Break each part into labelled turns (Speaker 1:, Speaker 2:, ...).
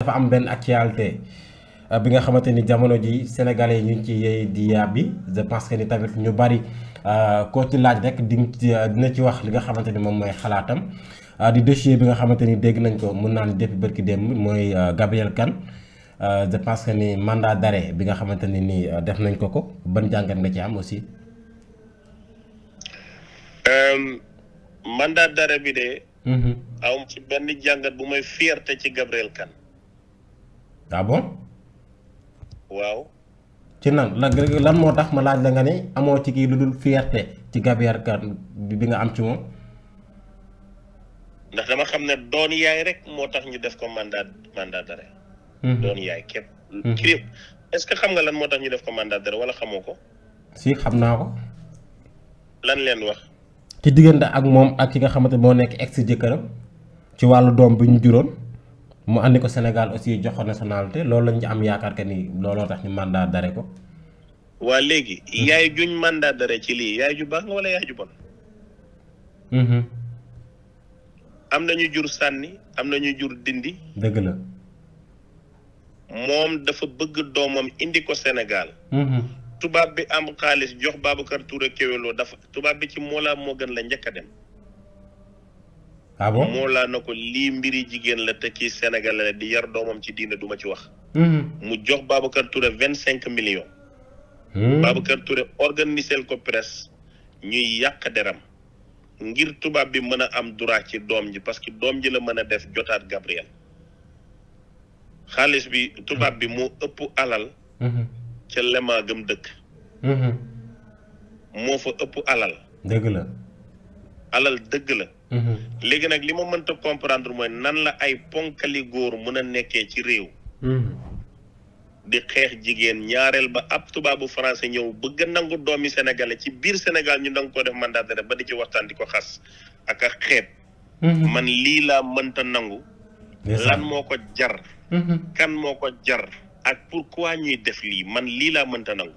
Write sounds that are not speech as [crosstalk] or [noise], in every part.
Speaker 1: dafa am benn actualité euh, bi nga xamante ni jamono ji sénégalais yi ñu ngi ci yey di yàbbi je pense ni tamit ñu bari euh, koo ci laaj rek euh, dina ci wax li nga xamante ni moom mooy xalaatam di dossier bi nga xamante ni dégg nañ ko mun naa ni depuis bërki démb mooy Gabrielle Kane je pense que ni mandat d'arrêt bi nga xamante ni nii def nañ ko ko ban jàngat na ci am aussi.
Speaker 2: mandat d'arrêt bi de. am mm-hmm. ci benn jàngat bu may fierté ci Gabrielle Kane.
Speaker 1: ah bon. waaw. ci nan lan lan moo tax ma laaj la nga ni amoo ci kii lu dul fierté ci Gabrielle ka bi nga am ci moom.
Speaker 2: ndax dama xam ne doon yaay rek moo tax ñu def ko mandat mandat d'arrêt. Mhm. doon yaay képp. Mhm. képp ce que xam nga lan moo tax ñu def ko mandat wala xamoo ko.
Speaker 1: si xam naa ko. lan leen wax. ci diggante ak moom ak ki nga xamante moo nekk ex jëkkëram ci wàllu doom bi ñu juróon. mu andi ko Sénégal aussi jox ko nationalité loolu lañ ci am yaakaar que ni looloo tax ñu mandat dare ko.
Speaker 2: waa léegi. yaay juñ mandat dare ci lii yaay ju baax nga wala yaay ju bon. Mm-hmm. am na ñu jur sànni am na ñu jur dindi. dëgg na moom dafa bëgg doomam indi ko Sénégal. Mm-hmm. tubaab bi am xaalis jox Babacar Touré Kewelo dafa tubaab bi ci Mola moo gën la njëkk dem. ah moo laa na ko lii mbiri jigéen la te ci Sénégal la di yar doomam ci diine duma ci wax. Mhm. mu jox Babacar Touré vingt cinq millions. Mhm. Babacar Touré organisel ko presse ñuy yàq deram ngir tubaab bi mën a am droit ci doom ji parce que doom ji la mën a def jotaat Gabriel. xaalis bi tubaab bi moo ëpp alal. Mhm. ca lema gëm dëkk. moo fa ëpp alal. dëgg la. alal dëgg la. Mhm. léegi nag li ma mënta comprendre mooy nan la ay ponkali góor mën a nekkee ci réew. Mhm. di xeex jigéen ñaareel ba ab tubaabu français ñëw bëgg nangu doomi sénégalais ci biir senegal ñu danga ko def mandat ba di ci waxtaan di ko xas ak a xeeb. Mhm. man lii laa mënta nangu. lan moo ko jar. kan moo ko jar. ak pourquoi ñuy def lii man lii laa mënta nangu.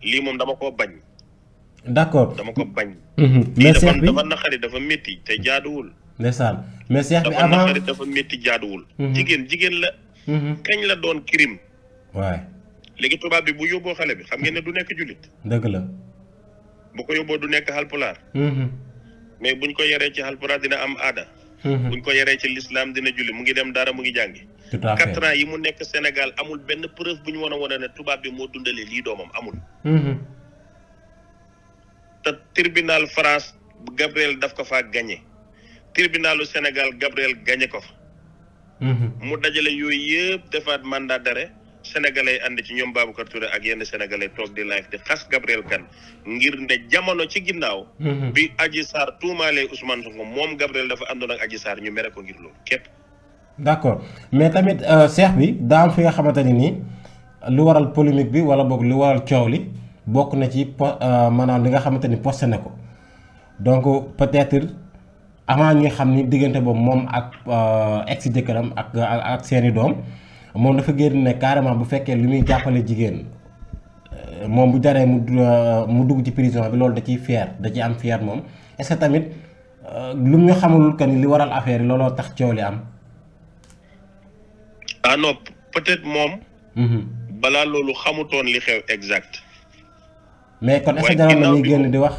Speaker 2: lii moom dama ko bañ.
Speaker 1: d'accord dama ko bañ. Mhm. mais seex bi dafa
Speaker 2: naqari dafa métti te jaaduwul. ndeysaan mais seex bi avant dafa dafa métti jaaduwul. Mhm. jigéen jigéen la. Mhm. kañ la doon crime. waay. léegi tubaab bi bu yóbboo xale bi xam ngeen du nekk jullit. dëgg la. bu ko yóbboo du nekk halpulaar. mais buñ ko yaree ci halpulaar dina am aada. buñ ko yaree ci lislaam dina julli mu ngi dem dara mu ngi jàngi. quatre yi mu nekk Sénégal amul benn preuve bu ñu war a wane ne tubaab bi moo dundalee lii doomam amul. te tribunal France Gabriel daf ko fa gañe tribunalu Sénégal Gabriel gagné ko fa. Mhm. mu dajale yooyu yëpp defaat mandat d'arrêt sénégalais ànd ci ñoom Babacar Touré ak yenn sénégalais toog de live di xas Gabriel Kane ngir ne jamono ci ginnaaw. Mhm. bi Adji Sarr tuumaalee Ousmane Sonko moom Gabriel dafa àndoon ak Adji Sarr ñu mere ko ngir loolu képp.
Speaker 1: d' accord mais tamit seex euh, bi daa am fi nga xamante ne nii lu waral polémique bi wala boog lu waral coow li. bokk na ci po euh, maanaam li nga xamante ni posté na ko donc peut-être avant ñuy xam ni diggante boobu moom ak euh, ex jëkkëram ak ak seeni doom moom dafa génn ne carrément bu fekkee lu muy jàppale jigéen euh, moom bu jaree mu mu dugg ci prison bi loolu da ciy fier da ciy am fier moom est-ce que tamit lu ñu xamul que ni li waral affaire yi looloo tax coow li am.
Speaker 2: ah non être moom. Mm-hmm. balaa loolu xamutoon li xew exact.
Speaker 1: mais kon est ce que jaroon na muy génn di wax.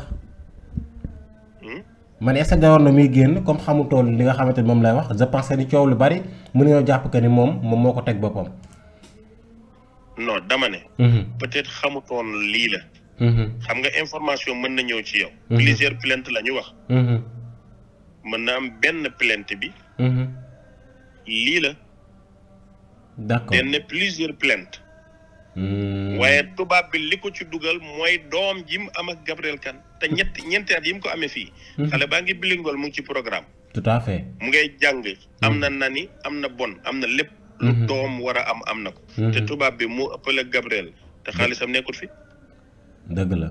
Speaker 1: Hmm? man est ce que jaroon na muy génn comme xamutoon li nga xamante ni moom lay wax je pense que ni coow lu bari mën nañoo jàpp que ni moom moom moo ko teg boppam.
Speaker 2: non dama ne. Mhm. peut-être xamutoon lii la. Mhm. xam nga information mën na ñëw ci yow. Mhm. plusieurs plainte lañu wax. mën na am benn plainte bi. lii la. d'accord benn plusieurs plainte.
Speaker 1: Hmm. waaye
Speaker 2: tubaab bi li ko ci dugal mooy doom ji mu am ak Gabriel Kane te ñett ñeenti at yi mu ko amee fii. Hmm. xale baa ngi bilingool mu ci programme. tout à mu ngay jàng. Hmm. am na na ni am na bon am na lépp. lu doom war a am am na ko. te tubaab bi mu ëppale Gabriel te xaalisam nekkul fi. dëgg la.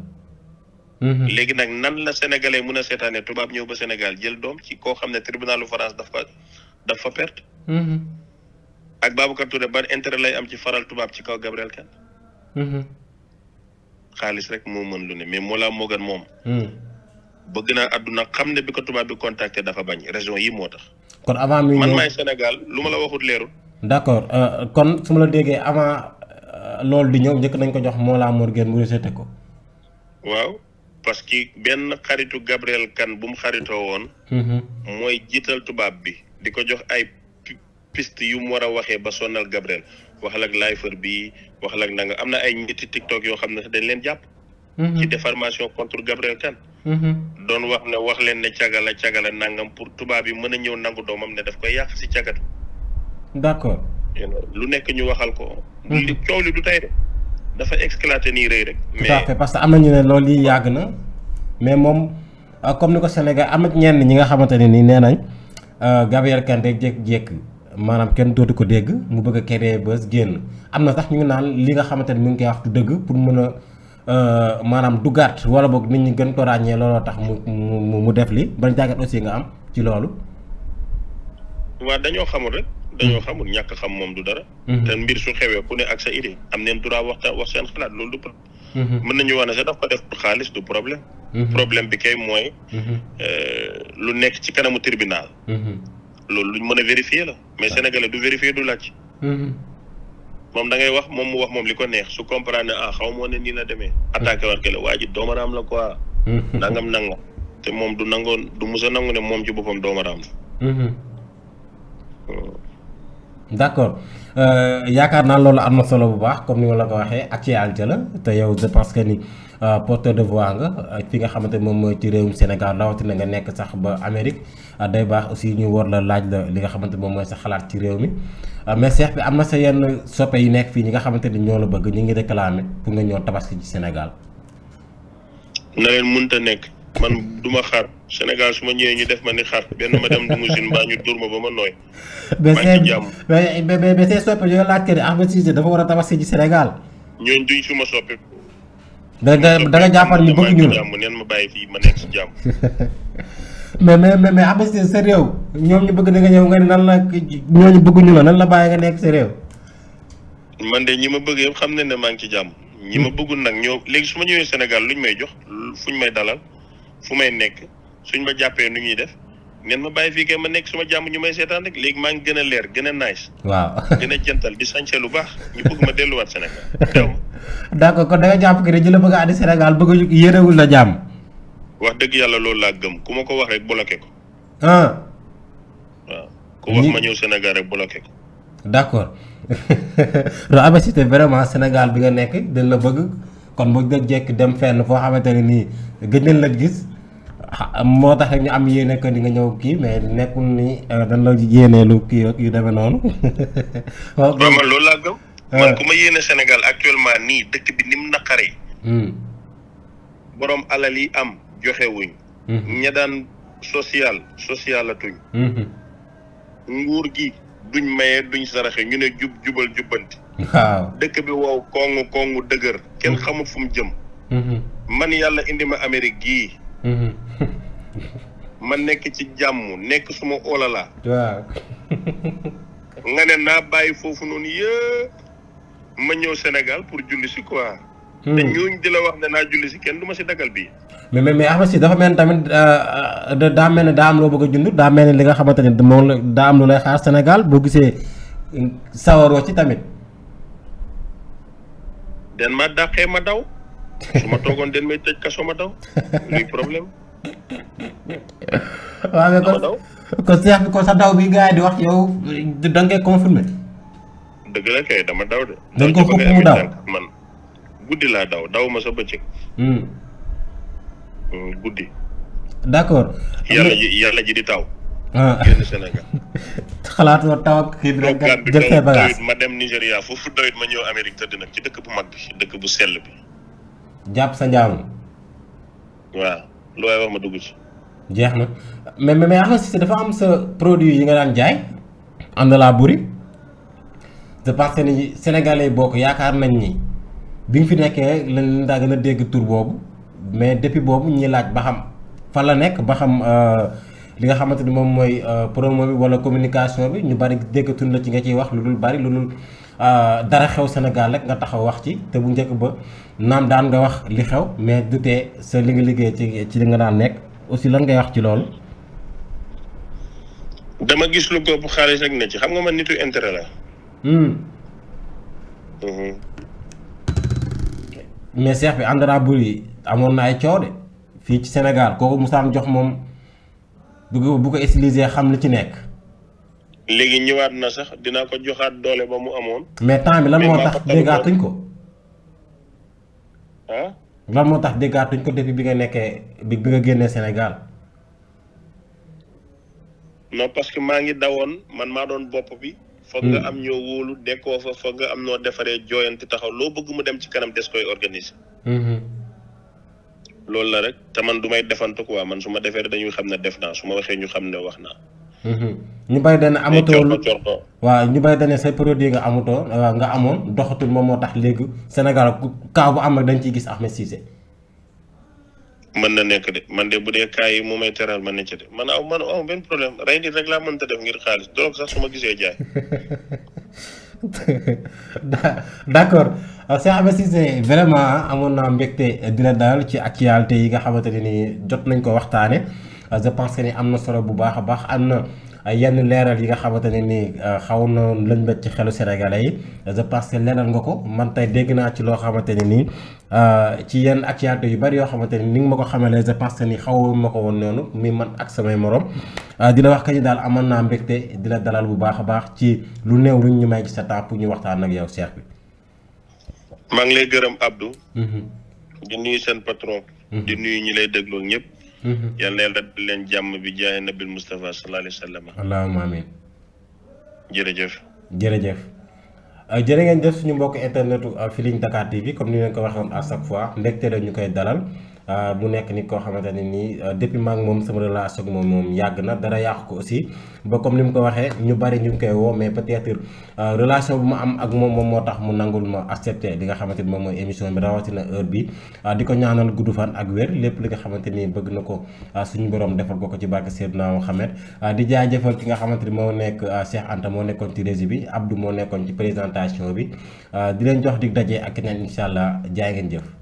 Speaker 2: léegi nag nan la sénégalais mun a seetaanee tubaab ñëw ba Sénégal jël doom ci koo xam ne tribunalu France daf fa daf fa perte. ak Babacar Touré ban intere lay am ci faral tubaab ci kaw Gabriel Kane. Mm-hmm. xaalis rek moo mën lu ne mais Mollah Morgun moom. Mm. bëgg naa àdduna xam ne bi ko tubaab bi contacté dafa bañ région yi moo tax.
Speaker 1: kon avant mi man maay
Speaker 2: Sénégal lu ma la waxut leerul.
Speaker 1: d'accord euh, kon su ma la déggee avant euh, loolu di ñëw njëkk nañ ko jox Mollah Morgun mu rejeté
Speaker 2: ko. waaw parce que benn xaritu Gabriel Kane bu mu xaritoo woon. Mm-hmm. mooy jiital tubaab bi di ko jox ay. piste yu mu war a waxee ba sonal Gabriel waxal ak lifer bi waxal ak nanga am na ay ñetti TikTok yoo xam ne dañ leen jàpp. Mhm. ci déformation contre Gabriel Kane. Mhm. doon wax ne wax leen ne cagala cagala nangam pour a ñëw nangu doomam ne daf koy yàq si lu nekk ñu waxal ko. Mhm. li coow li du tey de dafa éclaté nii
Speaker 1: parce que am na ñu ne loolu yi yàgg na mais moom euh, comme ni ko Sénégal am na ñenn ñi nga xamante ne nii nee nañ euh, Gabriel Kane rek jékki-jékki. maanaam kenn dootu ko dégg mu bëgg a créer buzz génn am na sax ñu ngi naan li nga xamante ne mi ngi koy wax dëgg pour mën a euh, maanaam duggaat wala boog nit ñi gën ko ràññee looloo tax mu mu def li ban jàngat si nga am ci loolu.
Speaker 2: waaw dañoo xamul rek. dañoo hmm. xamul ñàkk xam moom du dara. Hmm. te mbir su xewee ku ne ak sa idée am neen droit waxta wax seen xalaat loolu du problème. Hmm. mën nañu wax ne sax daf ko problème. problème bi kay mooy. Euh, lu nekk ci kanamu tribunal. loolu luñ mën a vérifier la mais ah. sénégalais du vérifier du laaj. Mm-hmm. moom da ngay wax moom mu wax moom li ko neex su comprendre ne ah xaw ma ne nii la demee. Mm-hmm. attaqué war la waa ji doomaraam la quoi. Mm-hmm. nangam nangam
Speaker 1: te moom du nangoon du mus a nangu ne moom ci boppam doomaraam la. Oh. d' accord euh, yaakaar naa loolu am na solo bu baax comme ni ma la ko waxee ak actualité la te yow je pense que ni euh, porteur de voix nga euh, fi nga xamante moom mooy ci réewum Sénégal rawatina nga nekk sax ba Amérique day baax aussi ñu war la laaj la li nga xamante moom mooy sa xalaat ci réew mi mais seex bi am na sa yenn soppe yi nekk fii ñi nga xamante ni ñoo la bëgg ñu ngi réclamer pour nga ñëw tabaski ci Sénégal.
Speaker 2: na leen mënta nekk. man duma xar xaar su ma ñëwee ñu def ma ni xaar benn ma dem Dumusin mbaa ñu dóor ma ba ma nooy.
Speaker 1: maa ngi jàmm mais mais mais seen soppi yooyu laaj que ni Ahmed Cissé dafa war a tabax ji Sénégal.
Speaker 2: ñooñu duñ su ma soppi.
Speaker 1: da nga da nga jàppal ñu ñu la
Speaker 2: jàmm ma bàyyi fii ma
Speaker 1: nekk si jàmm. [laughs] mais mais mais Ahmed Cissé sa réew ñoom ñu bëgg na nga ñëw nga ne nan la ñooñu bëgguñu la nan na bàyyi nga nekk sa réew.
Speaker 2: man de ñi ma bëgg yëpp xam ne ne maa ngi ci jàmm. ñi ma hmm. bëggul nag ñoo léegi su ma ñëwee Sénégal luñ may jox fuñ may dalal fu may nekk suñ ma jàppee nu ñuy def ngeen ma bàyyi fii kay ma nekk suma jàmm ñu may seetaan rek léegi maa ngi gën a leer gën a nice. waaw gën jëntal di sañse lu baax ñu bëgg ma delluwaat Sénégal
Speaker 1: teew ma. d'accord kon da nga jàpp que dañu la bëgg a andi Sénégal bëgg a jàmm.
Speaker 2: wax dëgg yàlla loolu laa gëm ku ma ko wax rek bloqué ko. ah. waaw ku wax ma ñëw Sénégal rek bloqué ko.
Speaker 1: d'accord [laughs] Abba Cissé vraiment Sénégal bi nga nekk dañ na bëgg. kon boo gëj jekk dem fenn foo xamante ne nii gëj nañ la gis moo tax rek ñu am yéene que ni nga ñëw kii mais nekkul ni euh, dañ la yéenee lu kii yu demee noonu. [laughs] waaw man loolu laa gëm. man euh. ku
Speaker 2: ma yéene Sénégal actuellement nii dëkk bi ni mu naqaree. Hmm. boroom alal yi am joxewuñ wuñ. Hmm. ña daan social socialatuñ. Hmm. nguur gi duñ maye duñ saraxe ñu ne jub jubal jubbanti. waaw dëkk bi wow kongu kongu dëgër. kenn mm-hmm. xamul fu mu jëm. Mm-hmm. man yàlla indi ma Amérique gii.
Speaker 1: Mm-hmm.
Speaker 2: [laughs] ma nekk ci jàmm nekk suma olala. waaw. [laughs] nga ne naa bàyyi foofu noonu yëpp ma ñëw Sénégal pour julli si Hmm. te ñooñu di la wax ne naa julli si kenn du ma si dagal bii.
Speaker 1: mais mais mais Ahmed Cissé dafa mel ni tamit euh, euh, daa mel ne daa am loo bëgg a daa mel ne li nga xamante ne moom la daa am lu lay xaar Sénégal boo gisee sawaroo ci tamit.
Speaker 2: den ma dàqee ma daw su ma toogoon den may tëj kaso ma daw luy problème.
Speaker 1: [laughs] waaw mais kon seex bi kon sa daw bi gars yi di wax yow da nga koy
Speaker 2: dëgg la kay dama daw de. dañ ko fukk mu daw guddi laa daw daw ma sa bëccëg. Hmm. Hmm, guddi. d' accord. yàlla ji yàlla ji di taw. Ah. génn Sénégal.
Speaker 1: [laughs] ma taw ak kii bi rek jël say bagage
Speaker 2: ma dem Nigéria foofu doyit ma ñëw Amérique tëdd nag ci
Speaker 1: dëkk bu mag bi dëkk bu sell bi. jàpp sa njaamu.
Speaker 2: waaw lu waay wax ma dugg ci.
Speaker 1: jeex na mais mais Akhlé Cissé dafa am sa produit yi nga daan jaay. am na laa buri. de parce que ni yaakaar nañ ni. bi nga fi nekkee lan daa gën a dégg tur boobu mais depuis boobu ñi laaj ba xam fan la nekk ba xam euh, li nga xamante ni moom mooy euh, promo bi wala communication bi ñu bari dégg tur la ci nga ciy wax lu dul bari lu dul euh, dara xew senegal rek nga taxaw wax ci te bu njëkk ba naam daan nga wax li xew mais du sa li nga liggéey ci ci li nga daan nekk aussi lan ngay wax ci loolu.
Speaker 2: dama gis lu góob xaalis rek na ci xam nga man nitu intérêt la. Hmm. Mhm.
Speaker 1: mais seex bi Andra Boury amoon na ay coow de fii ci Sénégal kooku musaan jox moom bu ko bu ko utiliser xam li ci nekk.
Speaker 2: léegi ñëwaat na sax dinaa ko joxaat doole ba mu amoon.
Speaker 1: mais temps bi lan moo tax déggaatuñ ko. ah. lan moo tax déggaatuñ ko depuis bi nga nekkee bi bi nga génnee Sénégal.
Speaker 2: non parce que maa ngi dawoon man maa doon bopp bi. foog nga hmm. am ñoo wóolu dekkoo fa foog nga am noo defaree jooyante taxaw loo bëgg mu dem ci kanam des koy organise hmm. loolu la rek te man du may defantu waa man su ma defee dañuy xam ne def naa su ma waxee ñu xam ne wax naa.
Speaker 1: Hmm. ñu bari dana amatoo waaw ñu bari dana say produit nga amatoo nga amoon doxatul moom moo tax léegi Sénégal kaa bu am rek dañ ciy gis Ahmed Cissé.
Speaker 2: mën na nekk de man de bu dee kaay yi mu may teral mën na ci de man aw man aw benn problème rey nit rek laa mënta def ngir xaalis donc sax su ma gisee jaay.
Speaker 1: [laughs] d' accord euh, Cheikh Ahmed Cissé vraiment amoon naa mbégte dina daal ci actualité yi nga xamante ne nii jot nañ ko waxtaane euh, je pense ni am na solo bu baax a baax am na. yenn leeral yi nga xamante ne nii euh, xaw na lëñbët ci xelu sénégalais yi je pense que leeral nga ko man tey dégg naa ci loo xamante ne nii euh, ci yenn actualité yu bari yoo xamante ni ni ma ko xamalee je pense que ni xaw ma ko woon noonu mi man ak samay moroom euh, di la wax ka ñu daal amoon naa mbégte di la dalal bu baax a baax ci lu néew lu ñu may ci sa temps ñu waxtaan ak yow Cheikh bi.
Speaker 2: maa ngi lay gërëm Abdou. Mhm. di nuyu seen patron. Mhm. di nuyu ñu lay déglu ñëpp. Mm-hmm. yal na yàlla def leen jàmm bi jaay nabil Moustapha sallallahu alayhi wa sallam. allahumma amiin. jërëjëf. jërëjëf.
Speaker 1: Ah, jërë ngeen jëf suñu mbokk internetu ah, Feeling Dakar TV comme ni leen ko waxoon à chaque fois ndegte la ñu koy dalal. Euh, mu nekk nit koo xamante ne nii euh, depuis maak moom sama relation ak moom moom yàgg na dara yàqu ko aussi ba comme ni mu ko waxee ñu bari ñu ngi koy woo mais peut-être euh, relation bu ma am ak moom moom moo tax mu nangul ma accepté li nga xamante ni moom mooy émission bi rawatina heure bi di ko ñaanal gudd fan ak wér lépp li nga xamante ni bëgg na ko suñu borom defal ko ko ci barke Seydina Mohamed di jaajëfal ki nga xamante ni moo nekk Cheikh Anta moo nekkoon ci régie bi Abdou moo nekkoon ci présentation bi di jox dig daje ak keneen incha allah jaay jëf.